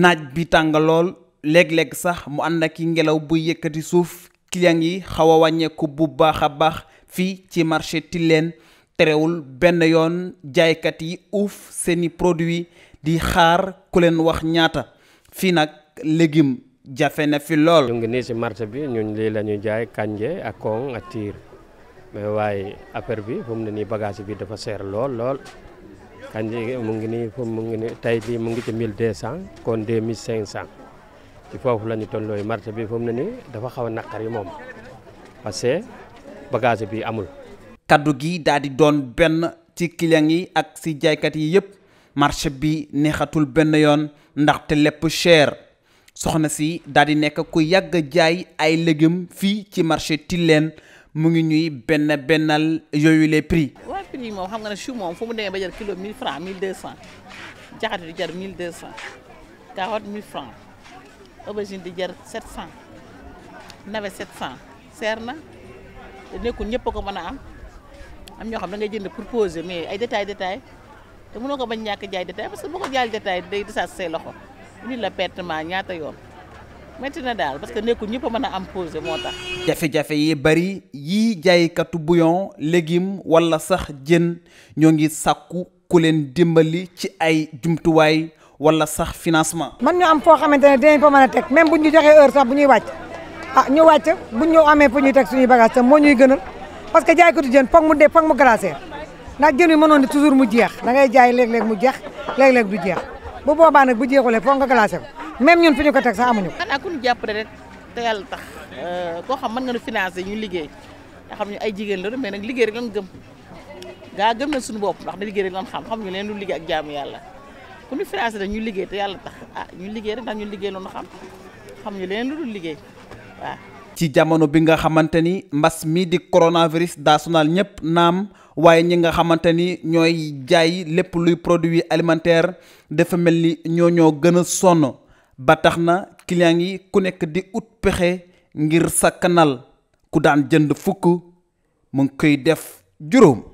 naaj bi tàng lool léeg-léeg sax mu ànd ak ngelaw buy yëkkati suuf client yi xaw a wàññeeku bu baax a baax fii ci marché Tilène terewul benn yoon jaaykat yi uuf seeni produit di xaar ku leen wax ñaata fii nag légume jafe na fi lool. ñu ngi nii si marché bi ñu lii lañuy jaay kanje ak koŋ ak tiir mais waaye affaire bi fu mu ne nii bagage bi dafa seer lool lool. kanji mu ngi nii fu mu ngi nii tey jii mu ngi ci mille deux cent kon deux mille cinq cent ci foofu la ñu tollooyu marché bi fu na ne nii dafa xaw a naqari moom parce que bagage bi amul. kaddu gi daal di doon benn ci client yi ak si jaaykat yi yëpp marché bi neexatul benn yoon ndaxte lépp cher soxna si daal di nekk ku yàgg jaay ay légumes fii ci marché Tilène mu ngi ñuy benn bennal yooyu les prix. yi moom xam nga ne chou moom fu mu demee ba jar kilo 1000 francs 1200 jaxatu di jar 1200 carotte 1000 francs aubergine di jar 700 navet 700 seer na te nekkul ñëpp ko mën a am am ñoo xam da ngay jënd pour poser mais ay détail détail te mënoo ko bañ ñàkk jaay détail parce que boo ko jaay détail day desaat say loxo indi la pertement ñaata yoon. métti na daal parce que nekku ñëpp a mën a am posé moo tax. jafe-jafe yi bari yii jaaykatu bouillon légume wala sax jën ñoo ngi sàkku ku leen dimbali ci ay jumtuwaay wala sax financement. man ñu am foo xamante ne dinañ fa mën a teg même bu ñu joxee heure sax bu ñuy wàcc ah ñu wàcc bu ñu amee fu ñuy teg suñuy bagage sax moo ñuy gënal parce que jaaykatu jën foog mu de foog mu glacé ndax jën wi mënoon ne toujours mu jeex da ngay jaay léeg-léeg mu jeex léeg-léeg du jeex bu boobaa nag bu jeexulee foog nga glacé ko. même ñun fi ñu ko teg sax amuñu ko. xanaa ku ñu jàppale rek te yàlla tax euh, koo xam mën nga nu financé ñu liggéey nga xam ñu ay jigéen la mais nag liggéey rek lañ gëm gaa gëm na suñu bopp ndax da liggéey rek lañ xam xam leen lu liggéey ak jaamu yàlla ku ñu financé rek yàlla ah, ñu liggéey rek ndax ñu liggéey loolu xam xam ñu leen lu dul liggéey waaw. ci jamono bi nga xamante ni mbas mii di coronavirus daa sonal ñëpp naam waaye ñi nga xamante ni ñooy jaay lépp luy produit alimentaire dafa mel ni ñoo ñoo gën a sonn ba tax na client yi ku nekk di ut pexe ngir sakkanal ku daan jënd fukk mu ngi koy def juróom